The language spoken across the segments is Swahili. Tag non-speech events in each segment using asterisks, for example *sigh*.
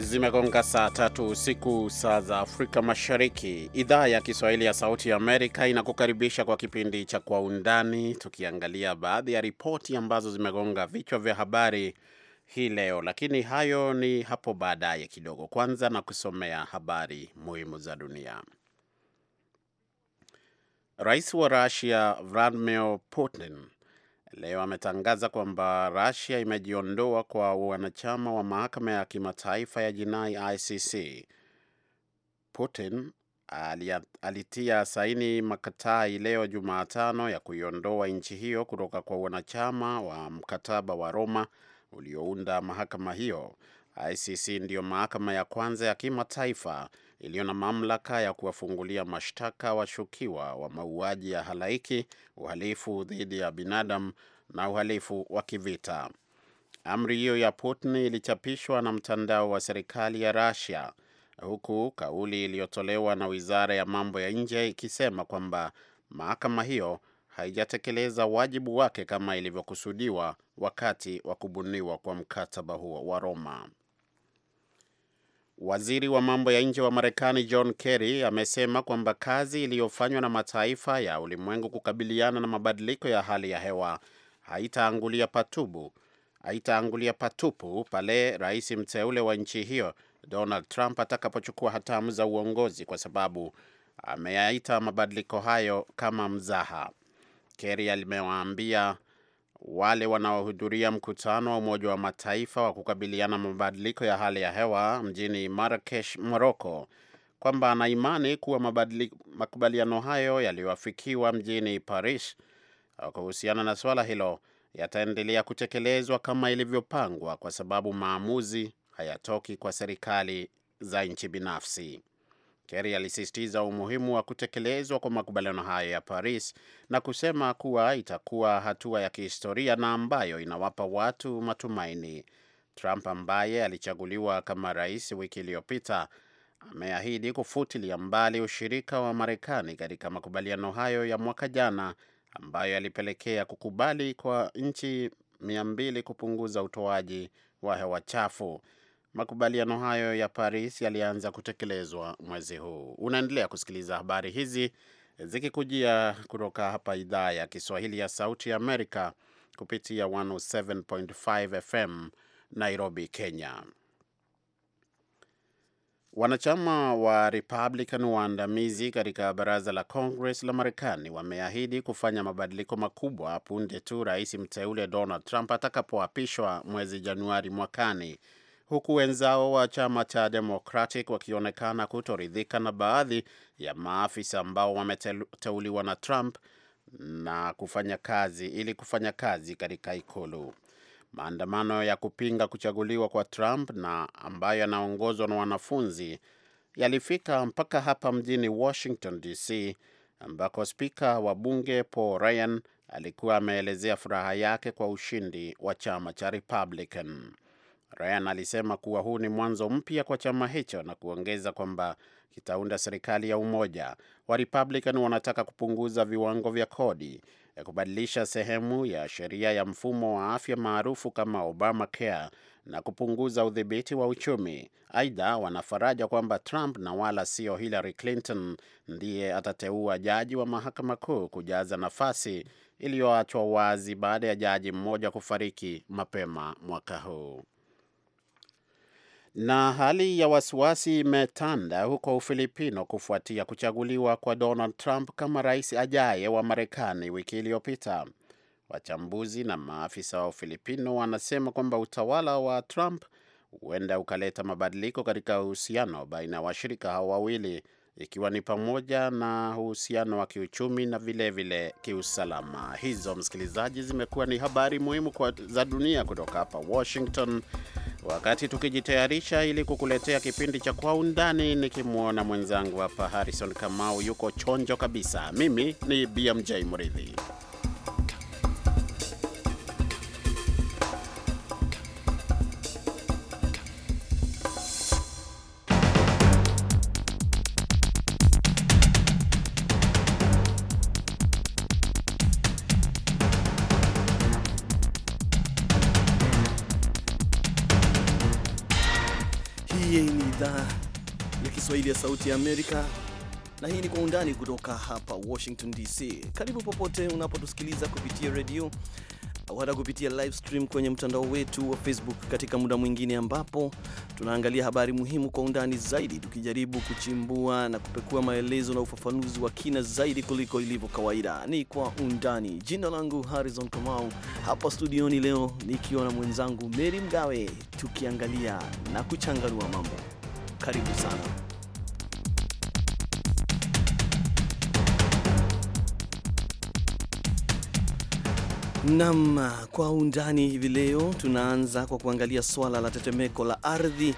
Zimegonga saa tatu usiku saa za Afrika Mashariki. Idhaa ya Kiswahili ya Sauti ya Amerika inakukaribisha kwa kipindi cha Kwa Undani, tukiangalia baadhi ya ripoti ambazo zimegonga vichwa vya habari hii leo, lakini hayo ni hapo baadaye kidogo. Kwanza na kusomea habari muhimu za dunia. Rais wa Russia Vladimir Putin leo ametangaza kwamba Russia imejiondoa kwa wanachama wa mahakama ya kimataifa ya jinai ICC. Putin alitia saini makataa leo Jumatano ya kuiondoa nchi hiyo kutoka kwa wanachama wa mkataba wa Roma uliounda mahakama hiyo ICC ndiyo mahakama ya kwanza ya kimataifa iliyo na mamlaka ya kuwafungulia mashtaka washukiwa wa mauaji ya halaiki, uhalifu dhidi ya binadamu na uhalifu wa kivita. Amri hiyo ya Putin ilichapishwa na mtandao wa serikali ya Russia, huku kauli iliyotolewa na wizara ya mambo ya nje ikisema kwamba mahakama hiyo haijatekeleza wajibu wake kama ilivyokusudiwa wakati wa kubuniwa kwa mkataba huo wa Roma. Waziri wa mambo ya nje wa Marekani John Kerry amesema kwamba kazi iliyofanywa na mataifa ya ulimwengu kukabiliana na mabadiliko ya hali ya hewa haitaangulia patubu haitaangulia patupu pale rais mteule wa nchi hiyo Donald Trump atakapochukua hatamu za uongozi, kwa sababu ameyaita mabadiliko hayo kama mzaha. Kerry alimewaambia wale wanaohudhuria mkutano wa Umoja wa Mataifa wa kukabiliana mabadiliko ya hali ya hewa mjini Marrakesh, Morocco, kwamba ana imani kuwa makubaliano hayo yaliyoafikiwa mjini Paris uh, kuhusiana na suala hilo yataendelea kutekelezwa kama ilivyopangwa, kwa sababu maamuzi hayatoki kwa serikali za nchi binafsi. Kerry alisisitiza umuhimu wa kutekelezwa kwa makubaliano hayo ya Paris na kusema kuwa itakuwa hatua ya kihistoria na ambayo inawapa watu matumaini. Trump ambaye alichaguliwa kama rais wiki iliyopita ameahidi kufutilia mbali ushirika wa Marekani katika makubaliano hayo ya mwaka jana ambayo yalipelekea kukubali kwa nchi mia mbili kupunguza utoaji wa hewa chafu. Makubaliano hayo ya Paris yalianza kutekelezwa mwezi huu. Unaendelea kusikiliza habari hizi zikikujia kutoka hapa idhaa ya Kiswahili ya Sauti ya Amerika kupitia 107.5 FM Nairobi, Kenya. Wanachama wa Republican waandamizi katika baraza la Congress la Marekani wameahidi kufanya mabadiliko makubwa punde tu rais mteule Donald Trump atakapoapishwa mwezi Januari mwakani huku wenzao wa chama cha Democratic wakionekana kutoridhika na baadhi ya maafisa ambao wameteuliwa na Trump na kufanya kazi ili kufanya kazi katika ikulu. Maandamano ya kupinga kuchaguliwa kwa Trump na ambayo yanaongozwa na wanafunzi yalifika mpaka hapa mjini Washington DC, ambako spika wa bunge Paul Ryan alikuwa ameelezea furaha yake kwa ushindi wa chama cha Republican. Ryan alisema kuwa huu ni mwanzo mpya kwa chama hicho na kuongeza kwamba kitaunda serikali ya umoja. Wa Republican wanataka kupunguza viwango vya kodi ya eh, kubadilisha sehemu ya sheria ya mfumo wa afya maarufu kama Obamacare na kupunguza udhibiti wa uchumi. Aidha, wanafaraja kwamba Trump na wala sio Hillary Clinton ndiye atateua jaji wa mahakama kuu kujaza nafasi iliyoachwa wazi baada ya jaji mmoja kufariki mapema mwaka huu. Na hali ya wasiwasi imetanda huko Ufilipino kufuatia kuchaguliwa kwa Donald Trump kama rais ajaye wa Marekani wiki iliyopita. Wachambuzi na maafisa wa Ufilipino wanasema kwamba utawala wa Trump huenda ukaleta mabadiliko katika uhusiano baina ya washirika hao wawili ikiwa ni pamoja na uhusiano wa kiuchumi na vilevile vile kiusalama. Hizo msikilizaji, zimekuwa ni habari muhimu kwa za dunia kutoka hapa Washington, wakati tukijitayarisha ili kukuletea kipindi cha Kwa Undani, nikimwona mwenzangu hapa Harrison Kamau yuko chonjo kabisa. Mimi ni BMJ Mridhi. Kiswahili ya Sauti ya Amerika, na hii ni Kwa Undani kutoka hapa Washington DC. Karibu popote unapotusikiliza kupitia redio au hata kupitia live stream kwenye mtandao wetu wa Facebook, katika muda mwingine ambapo tunaangalia habari muhimu kwa undani zaidi, tukijaribu kuchimbua na kupekua maelezo na ufafanuzi wa kina zaidi kuliko ilivyo kawaida. Ni Kwa Undani. Jina langu Harrison Kamau, hapa studioni leo nikiwa na mwenzangu Meri Mgawe, tukiangalia na kuchanganua mambo. Karibu sana. Nam kwa undani hivi leo, tunaanza kwa kuangalia swala la tetemeko la ardhi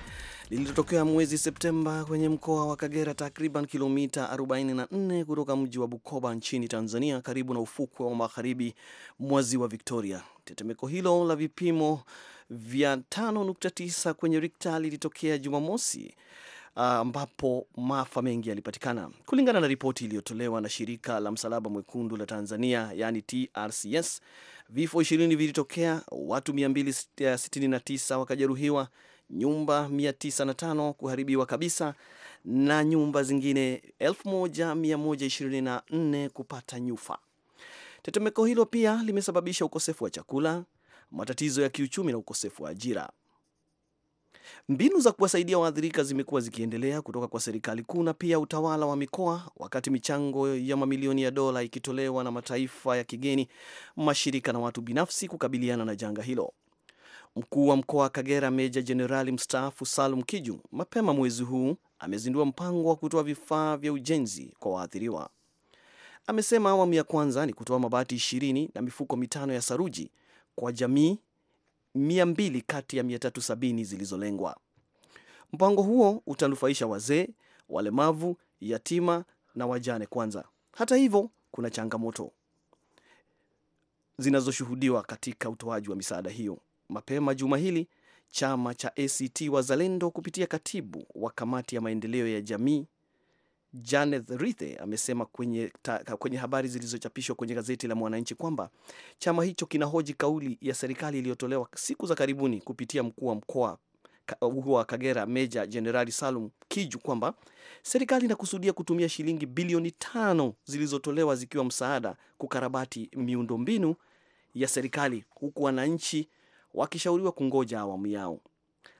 lililotokea mwezi Septemba kwenye mkoa wa Kagera, takriban kilomita 44 kutoka mji wa Bukoba nchini Tanzania, karibu na ufukwe wa magharibi mwa ziwa Victoria. Tetemeko hilo la vipimo vya 5.9 kwenye Rikta lilitokea Jumamosi ah, ambapo uh, maafa mengi yalipatikana kulingana na ripoti iliyotolewa na shirika la Msalaba Mwekundu la Tanzania, yaani TRCS. Vifo ishirini vilitokea, watu 269 wakajeruhiwa, nyumba 905 kuharibiwa kabisa na nyumba zingine 1124 kupata nyufa. Tetemeko hilo pia limesababisha ukosefu wa chakula, matatizo ya kiuchumi na ukosefu wa ajira. Mbinu za kuwasaidia waathirika zimekuwa zikiendelea kutoka kwa serikali kuu na pia utawala wa mikoa, wakati michango ya mamilioni ya dola ikitolewa na mataifa ya kigeni, mashirika na watu binafsi kukabiliana na janga hilo. Mkuu wa mkoa wa Kagera, Meja Jenerali mstaafu Salum Kiju, mapema mwezi huu amezindua mpango wa kutoa vifaa vya ujenzi kwa waathiriwa. Amesema awamu ya kwanza ni kutoa mabati ishirini na mifuko mitano ya saruji kwa jamii 200 kati ya 370 zilizolengwa. Mpango huo utanufaisha wazee, walemavu, yatima na wajane kwanza. Hata hivyo, kuna changamoto zinazoshuhudiwa katika utoaji wa misaada hiyo. Mapema juma hili chama cha ACT Wazalendo kupitia katibu wa kamati ya maendeleo ya jamii Janeth Rithe amesema kwenye, ta, kwenye habari zilizochapishwa kwenye gazeti la Mwananchi kwamba chama hicho kinahoji kauli ya serikali iliyotolewa siku za karibuni kupitia mkuu wa mkoa wa Kagera Meja Jenerali Salum Kiju kwamba serikali inakusudia kutumia shilingi bilioni tano zilizotolewa zikiwa msaada kukarabati miundombinu ya serikali huku wananchi wakishauriwa kungoja awamu yao.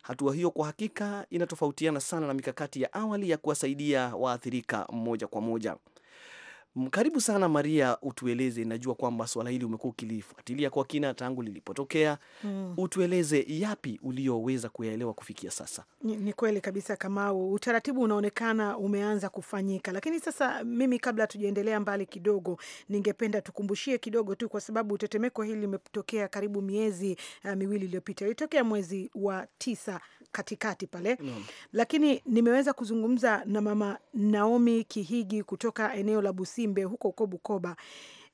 Hatua hiyo kwa hakika inatofautiana sana na mikakati ya awali ya kuwasaidia waathirika moja kwa moja. Karibu sana Maria, utueleze. Najua kwamba swala hili umekuwa ukilifuatilia kwa kina tangu lilipotokea. Mm. Utueleze yapi ulioweza kuyaelewa kufikia sasa. Ni, ni kweli kabisa Kamau, utaratibu unaonekana umeanza kufanyika, lakini sasa mimi, kabla tujaendelea mbali kidogo, ningependa tukumbushie kidogo tu, kwa sababu tetemeko hili limetokea karibu miezi uh, miwili iliyopita. Ilitokea mwezi wa tisa katikati pale no. Lakini nimeweza kuzungumza na mama Naomi Kihigi kutoka eneo la Busimbe huko huko Bukoba.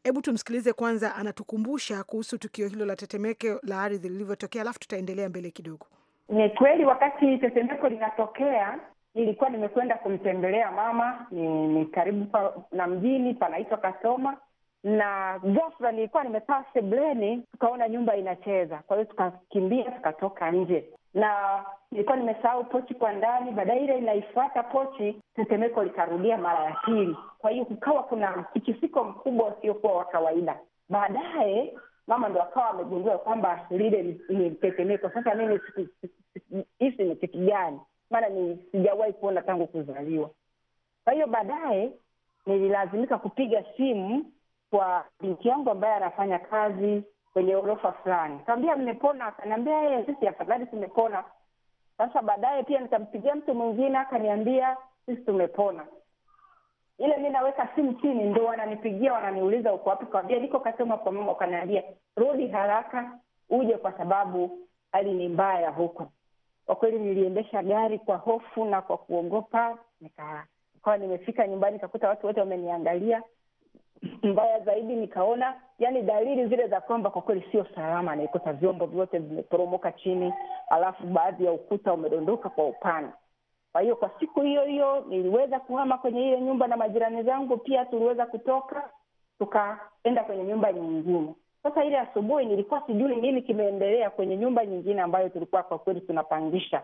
Hebu tumsikilize kwanza, anatukumbusha kuhusu tukio hilo la tetemeko la ardhi lilivyotokea, alafu tutaendelea mbele kidogo. Ni kweli wakati tetemeko linatokea nilikuwa nimekwenda kumtembelea mama, ni, ni karibu pa, na mjini panaitwa Kasoma, na ghafla nilikuwa nimekaa sebleni, tukaona nyumba inacheza. Kwa hiyo tukakimbia tukatoka nje, na nilikuwa nimesahau pochi kwa ndani, baadaye ile inaifuata pochi, tetemeko likarudia mara ya pili. Kwa hiyo kukawa kuna mtikisiko mkubwa usiokuwa wa kawaida. Baadaye mama ndo akawa amegundua kwamba lile ni tetemeko. Sasa mimi hisi ni kitu gani? Maana ni sijawahi kuona tangu kuzaliwa. Kwa hiyo baadaye nililazimika kupiga simu kwa binti yangu ambaye anafanya kazi kwenye orofa fulani. Kaambia mmepona? akaniambia yeye, eh, sisi afadhali tumepona. Sasa baadaye pia nikampigia mtu mwingine akaniambia sisi tumepona. Ile mi naweka simu chini, ndo wananipigia wananiuliza uko wapi, kawambia niko Kasoma kwa mama, wakaniambia rudi haraka uje kwa sababu hali ni mbaya huko. Kwa kweli niliendesha gari kwa hofu na kwa kuogopa, nikawa nimefika nyumbani nikakuta watu wote wameniangalia. *clears throat* Mbaya zaidi nikaona yani dalili zile za kwamba kwa kweli sio salama, naikuta vyombo vyote vimeporomoka chini, alafu baadhi ya ukuta umedondoka kwa upana. Kwa hiyo kwa siku hiyo hiyo niliweza kuhama kwenye ile nyumba, na majirani zangu pia tuliweza kutoka tukaenda kwenye nyumba nyingine. Sasa ile asubuhi nilikuwa sijui nini kimeendelea kwenye nyumba nyingine ambayo tulikuwa kwa kweli tunapangisha.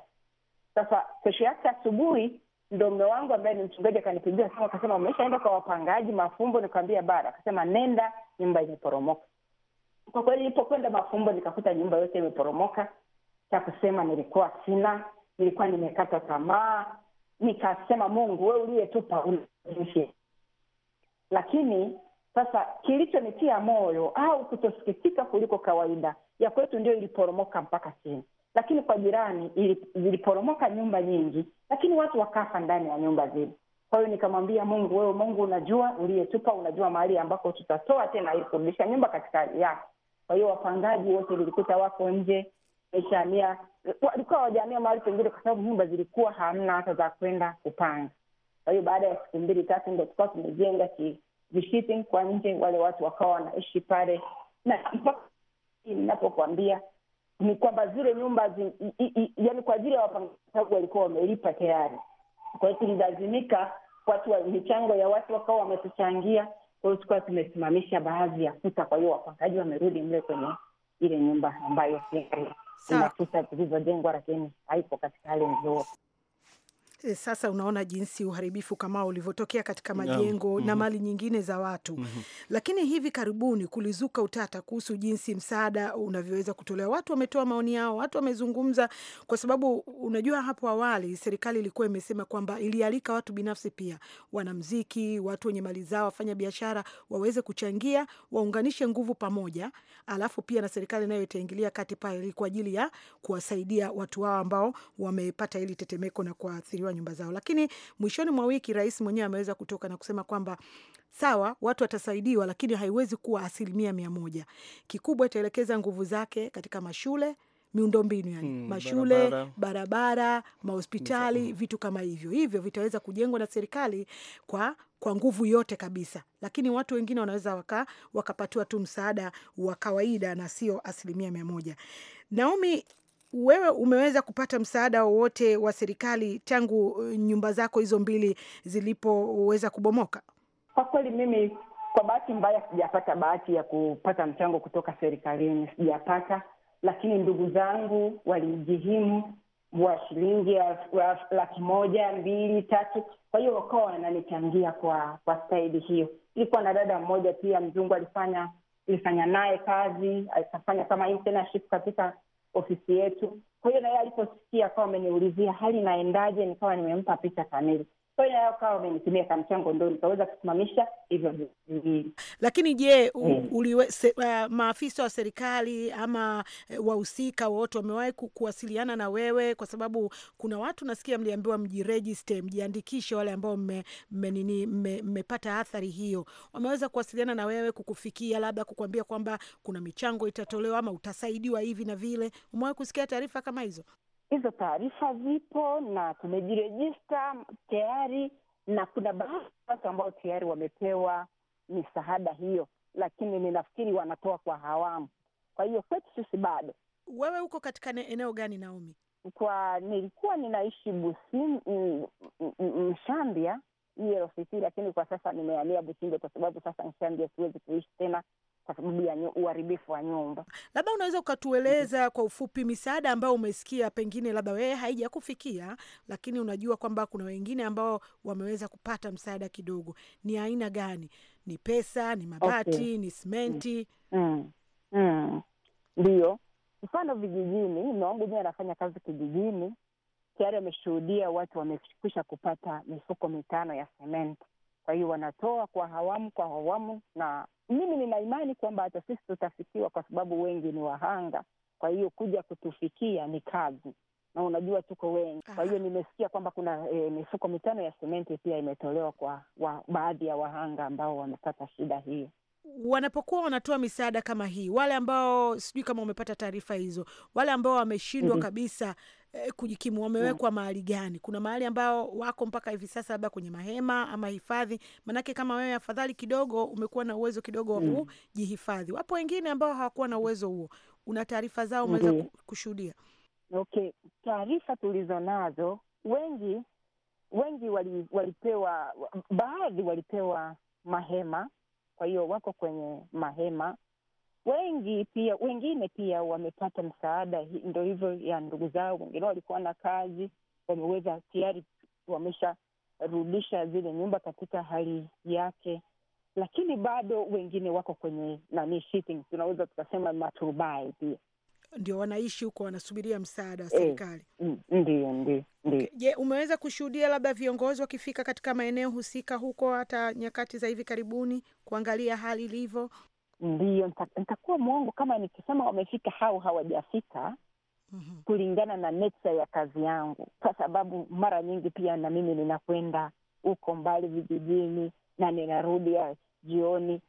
Sasa kesho yake asubuhi ndo mme wangu ambaye ni mchungaji akanipigia simu akasema, umeshaenda kwa wapangaji Mafumbo? Nikamwambia bara Akasema nenda, nyumba imeporomoka. Kwa kweli, ilipokwenda Mafumbo nikakuta nyumba yote imeporomoka. Cha kusema nilikuwa sina, nilikuwa nimekata tamaa. Nikasema, Mungu we uliyetupa Lakini sasa kilichonitia moyo au kutosikitika kuliko kawaida ya kwetu ndio iliporomoka mpaka chini lakini kwa jirani ziliporomoka nyumba nyingi, lakini watu wakafa ndani ya nyumba zile. Kwa hiyo nikamwambia Mungu, wewe Mungu unajua, uliyetupa unajua mahali ambako tutatoa tena ili kurudisha nyumba katika hali yake. Kwa hiyo wapangaji wote nilikuta wako nje jamia, walikuwa wajamia mahali pengine, kwa sababu nyumba zilikuwa hamna hata za kwenda kupanga. Kwa hiyo baada ya siku mbili tatu ndo tukawa tumejenga kwa nje, wale watu wakawa wanaishi pale na ninapokuambia ni kwamba zile nyumba zi, i, i, yani kwa ajili ya wapangaji walikuwa wamelipa tayari. Kwa hiyo tulilazimika watu wa michango ya watu wakawa wametuchangia, kwa hiyo tukawa tumesimamisha baadhi ya kuta. Kwa hiyo wapangaji wamerudi mle kwenye ile nyumba ambayo serikali ina kuta zilizojengwa, lakini haipo katika hali nzuri sasa unaona jinsi uharibifu kama ulivyotokea katika majengo yeah, mm -hmm. na mhm. mali nyingine za watu mm -hmm. Lakini hivi karibuni kulizuka utata kuhusu jinsi msaada unavyoweza kutolewa. Watu wametoa maoni yao, watu wamezungumza, kwa sababu unajua, hapo awali serikali ilikuwa imesema kwamba ilialika watu binafsi, pia wanamziki, watu wenye mali zao, wafanya biashara waweze kuchangia, waunganishe nguvu pamoja, alafu pia na serikali nayo itaingilia kati pale kwa ajili ya kuwasaidia watu wao ambao wamepata hili tetemeko na kuathiriwa kuharibiwa nyumba zao. Lakini mwishoni mwa wiki rais mwenyewe ameweza kutoka na kusema kwamba sawa, watu watasaidiwa, lakini haiwezi kuwa asilimia mia moja. Kikubwa itaelekeza nguvu zake katika mashule miundombinu yani, hmm, mashule barabara, barabara mahospitali vitu kama hivyo hivyo vitaweza kujengwa na serikali kwa kwa nguvu yote kabisa, lakini watu wengine wanaweza waka, wakapatiwa tu msaada wa kawaida na sio asilimia mia moja. Naomi wewe umeweza kupata msaada wowote wa serikali tangu uh, nyumba zako hizo mbili zilipoweza kubomoka? Kwa kweli mimi kwa bahati mbaya sijapata bahati ya kupata mchango kutoka serikalini, sijapata, lakini ndugu zangu walijihimu wa shilingi laki moja mbili tatu, kwa hiyo wakawa wananichangia kwa kwa staili hiyo. Ilikuwa na dada mmoja pia mzungu alifanya ilifanya naye kazi, akafanya kama internship katika ofisi yetu. Kwa hiyo na yeye aliposikia akawa ameniulizia hali inaendaje, nikawa nimempa picha kamili yao kawa wamenitumia kama mchango, ndo nikaweza kusimamisha hivyo viwili. Lakini je, eh. uliwe, se, uh, maafisa wa serikali ama uh, wahusika wote wamewahi kuwasiliana na wewe? Kwa sababu kuna watu nasikia mliambiwa mjiregiste, mjiandikishe, wale ambao mmenini mme, mmepata mme athari hiyo, wameweza kuwasiliana na wewe kukufikia, labda kukuambia kwamba kuna michango itatolewa ama utasaidiwa hivi na vile? Umewahi kusikia taarifa kama hizo? hizo taarifa zipo na tumejirejista tayari, na kuna baadhi ya watu ambao tayari wamepewa misaada hiyo, lakini ninafikiri wanatoa kwa hawamu. Kwa hiyo kwetu sisi bado. Wewe uko katika eneo gani Naomi? Kwa nilikuwa ninaishi Busi mm, mm, Mshambia, lakini kwa sasa nimehamia Busingye kwa sababu sasa Mshambia siwezi kuishi tena, kwa sababu ya uharibifu wa nyumba. Labda unaweza ukatueleza mm -hmm. kwa ufupi misaada ambayo umesikia, pengine labda wewe haijakufikia, lakini unajua kwamba kuna wengine ambao wameweza kupata msaada kidogo. Ni aina gani? Ni pesa, ni mabati, okay. ni simenti? mm. mm. mm. mfano vijijini, mume mie anafanya kazi kijijini, tayari wameshuhudia watu wamekwisha kupata mifuko mitano ya sementi. Kwa hiyo wanatoa kwa hawamu kwa hawamu, na mimi nina imani kwamba hata sisi tutafikiwa, kwa sababu wengi ni wahanga. Kwa hiyo kuja kutufikia ni kazi, na unajua tuko wengi. Kwa hiyo ah. nimesikia kwamba kuna e, mifuko mitano ya sementi pia imetolewa kwa wa, baadhi ya wahanga ambao wamepata shida hiyo wanapokuwa wanatoa misaada kama hii, wale ambao sijui kama umepata taarifa hizo, wale ambao wameshindwa mm -hmm. kabisa eh, kujikimu mm. wamewekwa mm -hmm. mahali gani? Kuna mahali ambao wako mpaka hivi sasa, labda kwenye mahema ama hifadhi? Manake kama wewe afadhali kidogo umekuwa na uwezo kidogo wa mm. kujihifadhi. mm -hmm. Wapo wengine ambao hawakuwa na uwezo huo, una taarifa zao umeweza mm -hmm. kushuhudia? Okay, taarifa tulizo nazo wengi wengi wali, walipewa baadhi walipewa mahema kwa hiyo wako kwenye mahema wengi, pia wengine pia wamepata msaada, ndo hivyo ya ndugu zao. Wengine walikuwa na kazi, wameweza tayari, wamesharudisha zile nyumba katika hali yake, lakini bado wengine wako kwenye nani, tunaweza tukasema maturubai pia ndio wanaishi huko, wanasubiria msaada wa eh, serikali. Mm, ndio, ndio, ndio. Je, umeweza kushuhudia labda viongozi wakifika katika maeneo husika huko, hata nyakati za hivi karibuni kuangalia hali ilivyo? ndio nitakuwa mwongo kama nikisema wamefika au hawajafika. Mm -hmm. Kulingana na nature ya kazi yangu, kwa sababu mara nyingi pia na mimi ninakwenda huko mbali vijijini na ninarudi jioni.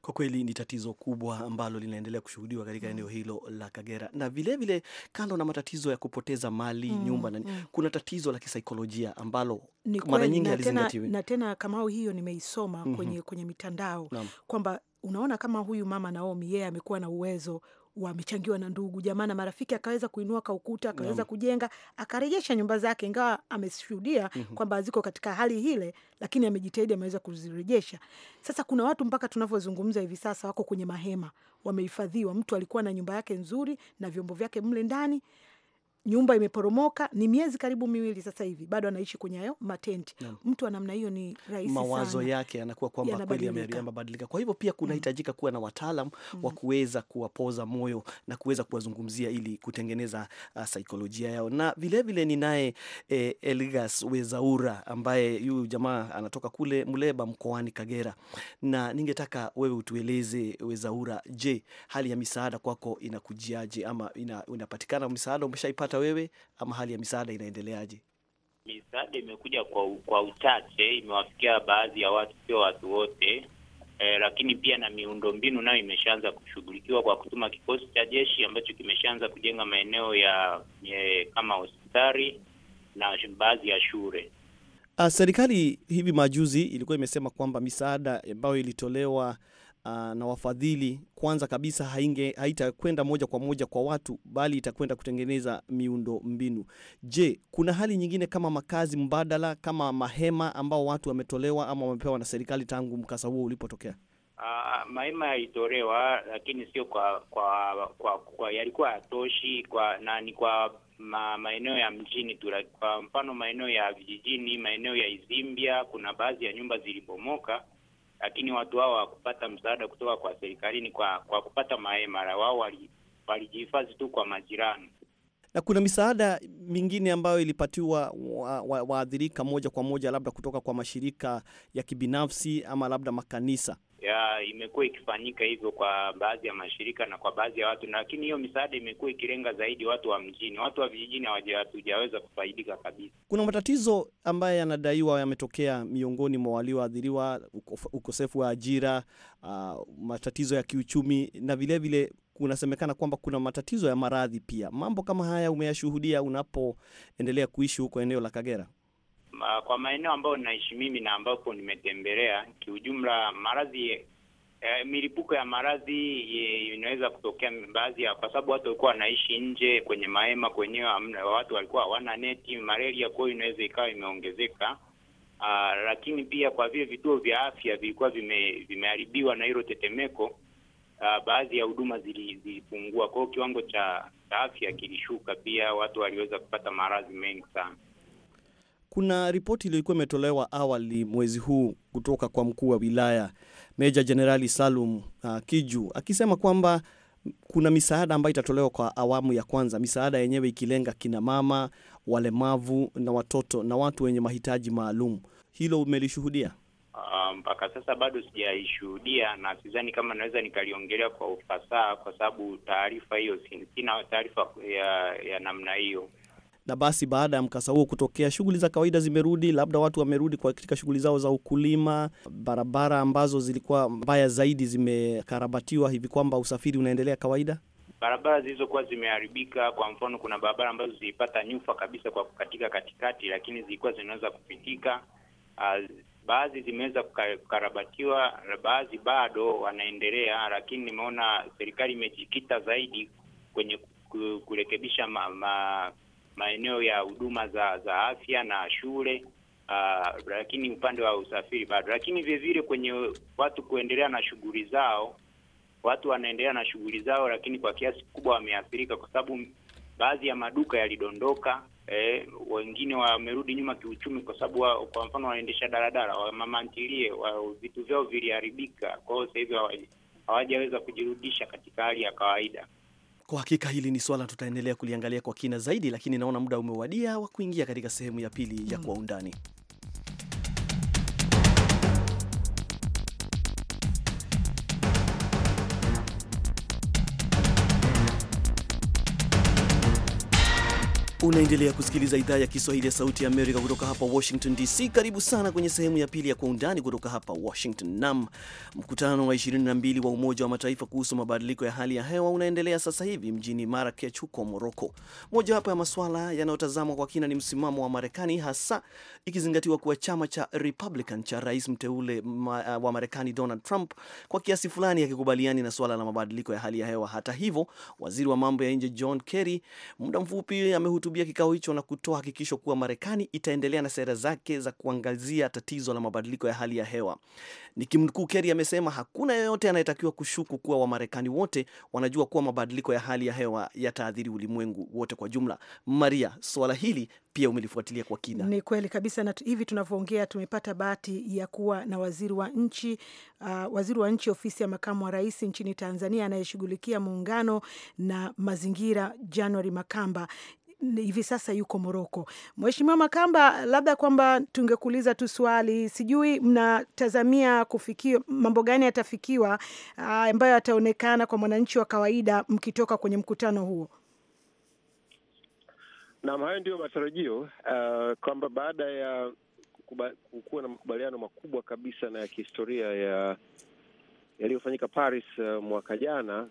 Kwa kweli ni tatizo kubwa ambalo linaendelea kushuhudiwa katika mm. eneo hilo la Kagera, na vilevile vile, kando na matatizo ya kupoteza mali mm, nyumba na, mm. kuna tatizo la kisaikolojia ambalo mara nyingi halizingatiwi. Na tena Kamau, hiyo nimeisoma mm-hmm. kwenye, mm -hmm. kwenye mitandao kwamba unaona kama huyu mama Naomi yeye yeah, amekuwa na uwezo wamechangiwa na ndugu jamaa na marafiki, akaweza kuinua kaukuta, akaweza kujenga, akarejesha nyumba zake, ingawa ameshuhudia mhm. kwamba ziko katika hali ile, lakini amejitahidi, ameweza kuzirejesha. Sasa kuna watu mpaka tunavyozungumza hivi sasa wako kwenye mahema, wamehifadhiwa. Mtu alikuwa na nyumba yake nzuri na vyombo vyake mle ndani, nyumba imeporomoka, ni miezi karibu miwili sasa hivi, bado anaishi kwenye hayo matenti yeah. Mtu wa namna hiyo ni rahisi mawazo sana yake yanakuwa kwamba kweli yamebadilika. Kwa hivyo pia kunahitajika mm. kuwa na wataalam mm. wa kuweza kuwapoza moyo na kuweza kuwazungumzia ili kutengeneza uh, saikolojia yao, na vilevile ninaye eh, Elgas Wezaura ambaye huyu jamaa anatoka kule Muleba mkoani Kagera, na ningetaka wewe utueleze Wezaura, je, hali ya misaada kwako inakujiaje ama ina, inapatikana msaada umeshaipata umepata wewe ama hali ya misaada inaendeleaje? Misaada imekuja kwa, kwa uchache, imewafikia baadhi ya watu, sio watu wote eh, lakini pia na miundombinu nayo imeshaanza kushughulikiwa kwa kutuma kikosi cha jeshi ambacho kimeshaanza kujenga maeneo ya eh, kama hospitali na baadhi ya shule. Ah, serikali hivi majuzi ilikuwa imesema kwamba misaada ambayo ilitolewa uh, na wafadhili, kwanza kabisa hainge haitakwenda moja kwa moja kwa watu, bali itakwenda kutengeneza miundo mbinu. Je, kuna hali nyingine kama makazi mbadala kama mahema ambao watu wametolewa ama wamepewa na serikali tangu mkasa huo ulipotokea? Uh, mahema yalitolewa lakini sio kwa kwa, kwa, kwa yalikuwa yatoshi kwa na ni kwa ma, maeneo ya mjini tu. Kwa mfano maeneo ya vijijini, maeneo ya Izimbia, kuna baadhi ya nyumba zilibomoka lakini watu hao hawakupata msaada kutoka kwa serikalini kwa, kwa kupata maemara Wao walijihifadhi tu kwa majirani na kuna misaada mingine ambayo ilipatiwa waathirika wa, wa moja kwa moja labda kutoka kwa mashirika ya kibinafsi ama labda makanisa ya imekuwa ikifanyika hivyo kwa baadhi ya mashirika na kwa baadhi ya watu, lakini hiyo misaada imekuwa ikilenga zaidi watu wa mjini. Watu wa vijijini hawajaweza kufaidika kabisa. Kuna matatizo ambayo yanadaiwa yametokea miongoni mwa walioathiriwa, ukosefu wa ajira, uh, matatizo ya kiuchumi na vilevile kunasemekana kwamba kuna matatizo ya maradhi pia. Mambo kama haya umeyashuhudia unapoendelea kuishi huko eneo la Kagera? Kwa maeneo ambayo ninaishi mimi na ambapo nimetembelea, kiujumla maradhi E, milipuko ya maradhi inaweza kutokea baadhi ya, kwa sababu watu walikuwa wanaishi nje kwenye mahema kwenyewe, watu walikuwa hawana neti, malaria kwao inaweza ikawa imeongezeka. Ah, lakini pia kwa vile vituo vya afya vilikuwa vimeharibiwa na hilo tetemeko, ah, baadhi ya huduma zilipungua, kwa hiyo kiwango cha afya kilishuka, pia watu waliweza kupata maradhi mengi sana. Kuna ripoti iliyokuwa imetolewa awali mwezi huu kutoka kwa mkuu wa wilaya Meja Jenerali Salum uh, Kiju akisema kwamba kuna misaada ambayo itatolewa kwa awamu ya kwanza, misaada yenyewe ikilenga kina mama, walemavu na watoto na watu wenye mahitaji maalum. Hilo umelishuhudia? Ah, mpaka um, sasa bado sijaishuhudia na sidhani kama naweza nikaliongelea kwa ufasaha, kwa sababu taarifa hiyo, sina taarifa ya, ya namna hiyo na basi baada ya mkasa huo kutokea, shughuli za kawaida zimerudi, labda watu wamerudi katika shughuli zao za ukulima. Barabara ambazo zilikuwa mbaya zaidi zimekarabatiwa hivi kwamba usafiri unaendelea kawaida. Barabara zilizokuwa zimeharibika, kwa mfano, kuna barabara ambazo zilipata nyufa kabisa kwa kukatika katikati, lakini zilikuwa zinaweza kupitika. Ah, baadhi zimeweza kukarabatiwa, baadhi bado wanaendelea, lakini nimeona serikali imejikita zaidi kwenye kurekebisha ma, ma, maeneo ya huduma za za afya na shule uh, lakini upande wa usafiri bado, lakini vilevile kwenye watu kuendelea na shughuli zao, watu wanaendelea na shughuli zao, lakini kwa kiasi kikubwa wameathirika kwa sababu baadhi ya maduka yalidondoka. Eh, wengine wamerudi nyuma kiuchumi kwa sababu wa, kwa mfano wanaendesha daladala wamamantilie wa, vitu vyao viliharibika, kwa hiyo sasa hivi hawajaweza kujirudisha katika hali ya kawaida. Kwa hakika hili ni swala tutaendelea kuliangalia kwa kina zaidi, lakini naona muda umewadia wa kuingia katika sehemu ya pili ya mm. kwa undani. Unaendelea kusikiliza idhaa ya Kiswahili ya Sauti ya Amerika kutoka hapa Washington DC. Karibu sana kwenye sehemu ya pili ya Kwa Undani kutoka hapa Washington nam. Mkutano wa 22 wa Umoja wa Mataifa kuhusu mabadiliko ya hali ya hewa unaendelea sasa hivi mjini Marakech huko Moroko. Mojawapo ya maswala yanayotazamwa kwa kina ni msimamo wa Marekani, hasa ikizingatiwa kuwa chama cha Republican cha rais mteule ma, uh, wa Marekani Donald Trump kwa kiasi fulani akikubaliani na swala la mabadiliko ya hali ya hewa. Hata hivyo, waziri wa mambo ya nje John Kerry muda mfupi amehutu akihutubia kikao hicho na kutoa hakikisho kuwa Marekani itaendelea na sera zake za kuangazia tatizo la mabadiliko ya hali ya hewa. Nikimnukuu Kerry amesema hakuna yeyote anayetakiwa kushuku kuwa Wamarekani wote wanajua kuwa mabadiliko ya hali ya hewa yataathiri ulimwengu wote kwa jumla. Maria, swala hili pia umelifuatilia kwa kina. Ni kweli kabisa, na hivi tunavyoongea tumepata bahati ya kuwa na waziri wa nchi uh, waziri wa nchi ofisi ya makamu wa rais nchini Tanzania anayeshughulikia muungano na mazingira January Makamba hivi sasa yuko Moroko. Mheshimiwa Makamba, labda kwamba tungekuuliza tu swali, sijui mnatazamia kufikia mambo gani yatafikiwa ah, ambayo yataonekana kwa mwananchi wa kawaida mkitoka kwenye mkutano huo? Naam, hayo ndiyo matarajio uh, kwamba baada ya kuwa na makubaliano makubwa kabisa na ya kihistoria ya yaliyofanyika Paris uh, mwaka jana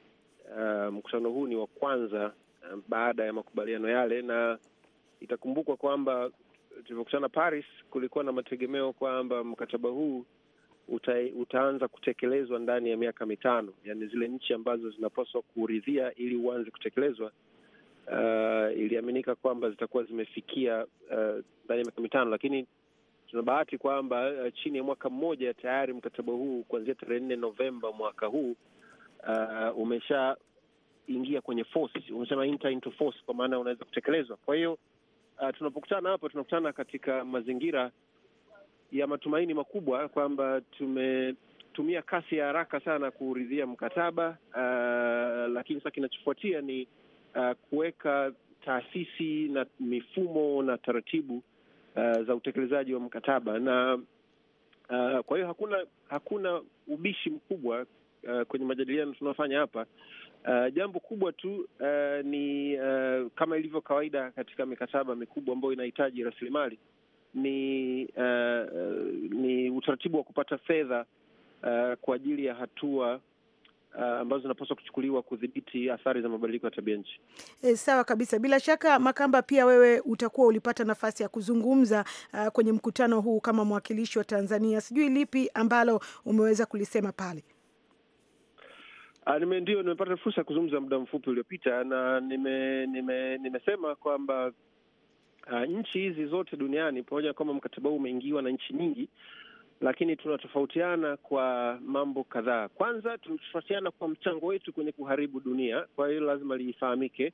uh, mkutano huu ni wa kwanza Eh, baada ya makubaliano yale, na itakumbukwa kwamba tulivyokutana Paris kulikuwa na mategemeo kwamba mkataba huu uta, utaanza kutekelezwa ndani ya miaka mitano, yani zile nchi ambazo zinapaswa kuridhia ili uanze kutekelezwa uh, iliaminika kwamba zitakuwa zimefikia uh, ndani ya miaka mitano, lakini tuna bahati kwamba uh, chini ya mwaka mmoja tayari mkataba huu kuanzia tarehe nne Novemba mwaka huu uh, umesha ingia kwenye force, umesema enter into force, kwa maana unaweza kutekelezwa. Kwa hiyo uh, tunapokutana hapo tunakutana katika mazingira ya matumaini makubwa kwamba tumetumia kasi ya haraka sana kuridhia mkataba uh, lakini sasa kinachofuatia ni uh, kuweka taasisi na mifumo na taratibu uh, za utekelezaji wa mkataba na uh, kwa hiyo hakuna hakuna ubishi mkubwa uh, kwenye majadiliano tunayofanya hapa Uh, jambo kubwa tu uh, ni uh, kama ilivyo kawaida katika mikataba mikubwa ambayo inahitaji rasilimali ni uh, ni utaratibu wa kupata fedha uh, kwa ajili ya hatua Uh, ambazo zinapaswa kuchukuliwa kudhibiti athari za mabadiliko ya tabia nchi. E, sawa kabisa. Bila shaka Makamba, pia wewe utakuwa ulipata nafasi ya kuzungumza uh, kwenye mkutano huu kama mwakilishi wa Tanzania. Sijui lipi ambalo umeweza kulisema pale? Ah, nime, ndio nimepata fursa ya kuzungumza muda mfupi uliopita na nime, nime, nimesema kwamba ah, nchi hizi zote duniani pamoja na kwamba mkataba huu umeingiwa na nchi nyingi, lakini tunatofautiana kwa mambo kadhaa. Kwanza tunatofautiana kwa mchango wetu kwenye kuharibu dunia, kwa hiyo lazima lifahamike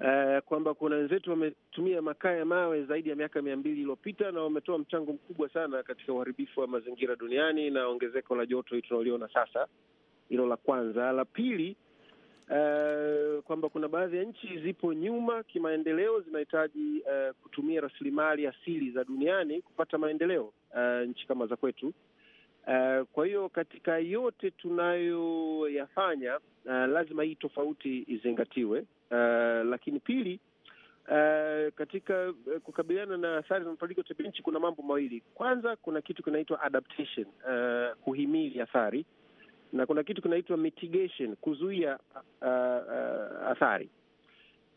uh, kwamba kuna wenzetu wametumia makaa ya mawe zaidi ya miaka mia mbili iliyopita na wametoa mchango mkubwa sana katika uharibifu wa mazingira duniani na ongezeko la joto tunaliona sasa hilo la kwanza. La pili, uh, kwamba kuna baadhi ya nchi zipo nyuma kimaendeleo, zinahitaji uh, kutumia rasilimali asili za duniani kupata maendeleo, uh, nchi kama za kwetu. Uh, kwa hiyo katika yote tunayoyafanya, uh, lazima hii tofauti izingatiwe. Uh, lakini pili, uh, katika uh, kukabiliana na athari za mabadiliko nchi kuna mambo mawili. Kwanza, kuna kitu kinaitwa adaptation, uh, kuhimili athari na kuna kitu kinaitwa mitigation, kuzuia uh, uh, athari.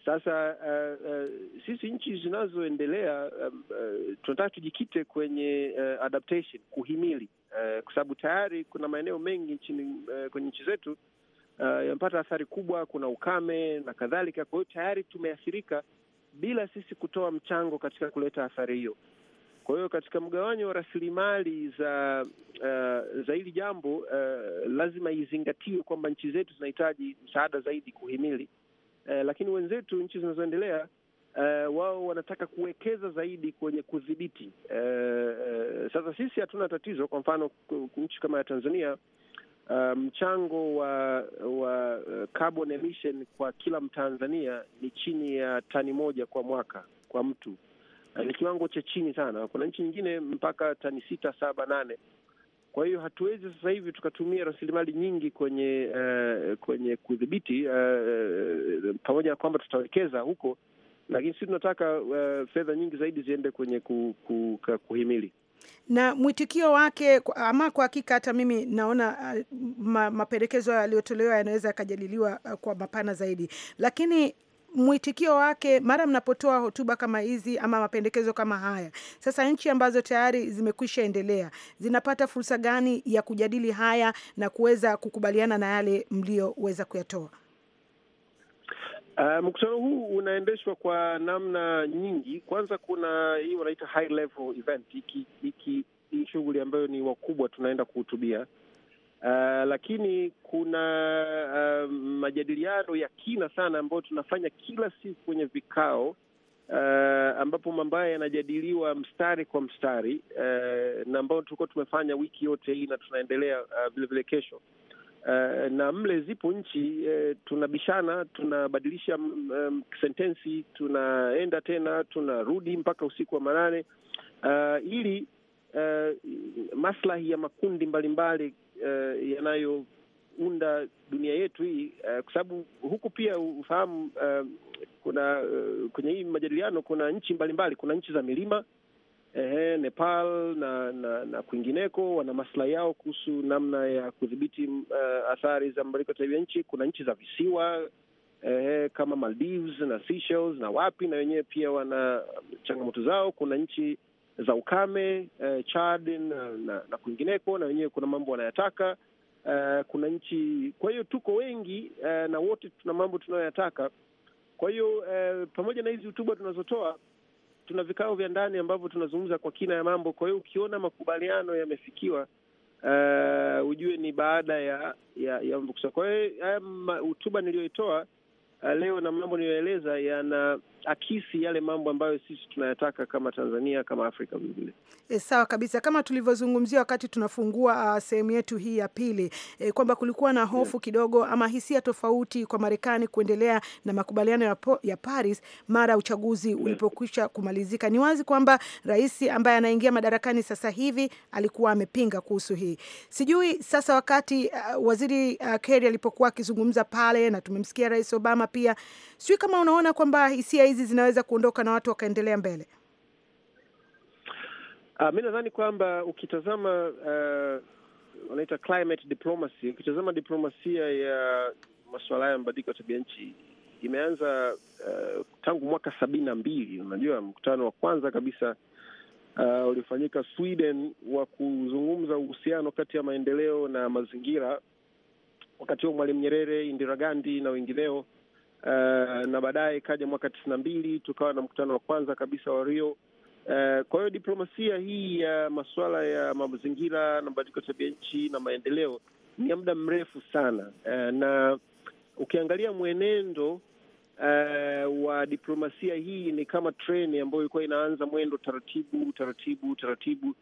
Sasa uh, uh, sisi nchi zinazoendelea um, uh, tunataka tujikite kwenye uh, adaptation, kuhimili uh, kwa sababu tayari kuna maeneo mengi nchini uh, kwenye nchi zetu uh, yamepata athari kubwa, kuna ukame na kadhalika. Kwa hiyo tayari tumeathirika bila sisi kutoa mchango katika kuleta athari hiyo. Kwa hiyo katika mgawanyo wa rasilimali za uh, za hili jambo uh, lazima izingatiwe kwamba nchi zetu zinahitaji msaada zaidi kuhimili uh, lakini wenzetu nchi zinazoendelea uh, wao wanataka kuwekeza zaidi kwenye kudhibiti uh, sasa sisi hatuna tatizo. Kwa mfano nchi kama ya Tanzania mchango wa wa carbon emission kwa kila Mtanzania ni chini ya tani moja kwa mwaka kwa mtu Eh, ni kiwango cha chini sana. Kuna nchi nyingine mpaka tani sita, saba, nane. Kwa hiyo hatuwezi sasa hivi tukatumia rasilimali nyingi kwenye uh, kwenye kudhibiti uh, pamoja na kwamba tutawekeza huko, lakini si tunataka uh, fedha nyingi zaidi ziende kwenye ku, ku, ku, kuhimili na mwitikio wake ama kwa hakika, hata mimi naona uh, ma, mapendekezo yaliyotolewa yanaweza yakajadiliwa uh, kwa mapana zaidi, lakini mwitikio wake mara mnapotoa hotuba kama hizi ama mapendekezo kama haya. Sasa nchi ambazo tayari zimekwisha endelea zinapata fursa gani ya kujadili haya na kuweza kukubaliana na yale mliyoweza kuyatoa? Uh, mkutano huu unaendeshwa kwa namna nyingi. Kwanza kuna hii wanaita high level event, hii shughuli ambayo ni wakubwa tunaenda kuhutubia Uh, lakini kuna uh, majadiliano ya kina sana ambayo tunafanya kila siku kwenye vikao uh, ambapo mambaya yanajadiliwa mstari kwa mstari uh, na ambayo tulikuwa tumefanya wiki yote hii na tunaendelea vilevile kesho uh, na mle zipo nchi uh, tunabishana, tunabadilisha um, sentensi, tunaenda tena tunarudi mpaka usiku wa manane uh, ili Uh, maslahi ya makundi mbalimbali uh, yanayounda dunia yetu hii uh, kwa sababu huku pia ufahamu uh, kuna uh, kwenye hii majadiliano kuna nchi mbalimbali, kuna nchi za milima Ehe, Nepal na na na kwingineko wana maslahi yao kuhusu namna ya kudhibiti uh, athari za mabadiliko ya tabia nchi. Kuna nchi za visiwa ehe, kama Maldives na Seychelles na wapi, na wenyewe pia wana changamoto zao. Kuna nchi za ukame eh, Chad na, na, na kwingineko, na wenyewe kuna mambo wanayataka eh, kuna nchi. Kwa hiyo tuko wengi eh, na wote tuna mambo tunayoyataka. Kwa hiyo eh, pamoja na hizi hotuba tunazotoa tuna vikao vya ndani ambavyo tunazungumza kwa kina ya mambo. Kwa hiyo ukiona makubaliano yamefikiwa, uh, ujue ni baada ya ya, ya mbukusa. Kwa hiyo haya hotuba niliyoitoa Uh, leo na mambo niyoeleza yana akisi yale mambo ambayo sisi tunayataka kama Tanzania, kama Afrika vilevile. E, sawa kabisa kama tulivyozungumzia wakati tunafungua uh, sehemu yetu hii ya pili e, kwamba kulikuwa na hofu yeah, kidogo ama hisia tofauti kwa Marekani kuendelea na makubaliano ya, po, ya Paris mara uchaguzi yeah, ulipokwisha kumalizika. Ni wazi kwamba rais ambaye anaingia madarakani sasa hivi alikuwa amepinga kuhusu hii. Sijui sasa wakati uh, waziri uh, Kerry alipokuwa akizungumza pale na tumemsikia Rais Obama mama pia, sijui kama unaona kwamba hisia hizi zinaweza kuondoka na watu wakaendelea mbele. Uh, mi nadhani kwamba ukitazama uh, wanaita climate diplomacy, ukitazama diplomasia ya masuala ya mabadiliko ya tabia nchi imeanza uh, tangu mwaka sabini na mbili. Unajua, mkutano wa kwanza kabisa uh, uliofanyika Sweden wa kuzungumza uhusiano kati ya maendeleo na mazingira, wakati huo Mwalimu Nyerere, Indira Gandhi na wengineo uh, na baadaye ikaja mwaka tisini na mbili tukawa na mkutano wa kwanza kabisa wa Rio. Uh, kwa hiyo diplomasia hii ya uh, masuala ya mazingira na mabadiliko ya tabia nchi na maendeleo ni ya muda mrefu sana uh, na ukiangalia mwenendo Uh, wa diplomasia hii ni kama treni ambayo ilikuwa inaanza mwendo taratibu taratibu taratibu.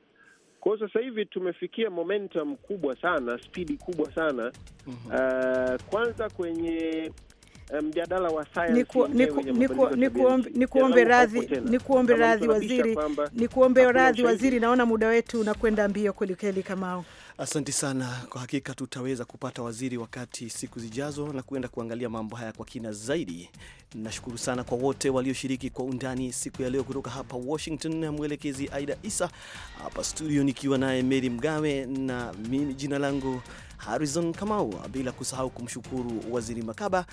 Kwa hiyo sasa hivi tumefikia momentum kubwa sana, spidi kubwa sana uh, kwanza kwenye Eh, mjadala wa nikuombe radhi waziri, nikuombe radhi waziri, naona muda wetu unakwenda mbio kwelikweli. Kamao, asante sana. Kwa hakika tutaweza kupata waziri wakati siku zijazo na kuenda kuangalia mambo haya kwa kina zaidi. Nashukuru sana kwa wote walioshiriki kwa undani siku ya leo. Kutoka hapa Washington na mwelekezi Aida Isa, hapa studio nikiwa naye Meri Mgawe na mimi jina langu Harrison Kamau, bila kusahau kumshukuru waziri Makaba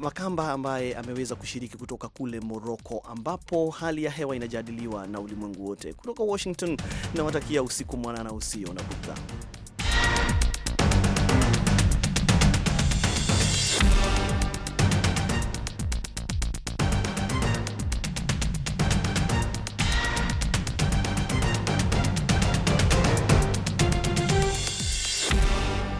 Makamba ambaye ameweza kushiriki kutoka kule Morocco, ambapo hali ya hewa inajadiliwa na ulimwengu wote. Kutoka Washington, nawatakia usiku mwanana usio na bughudha.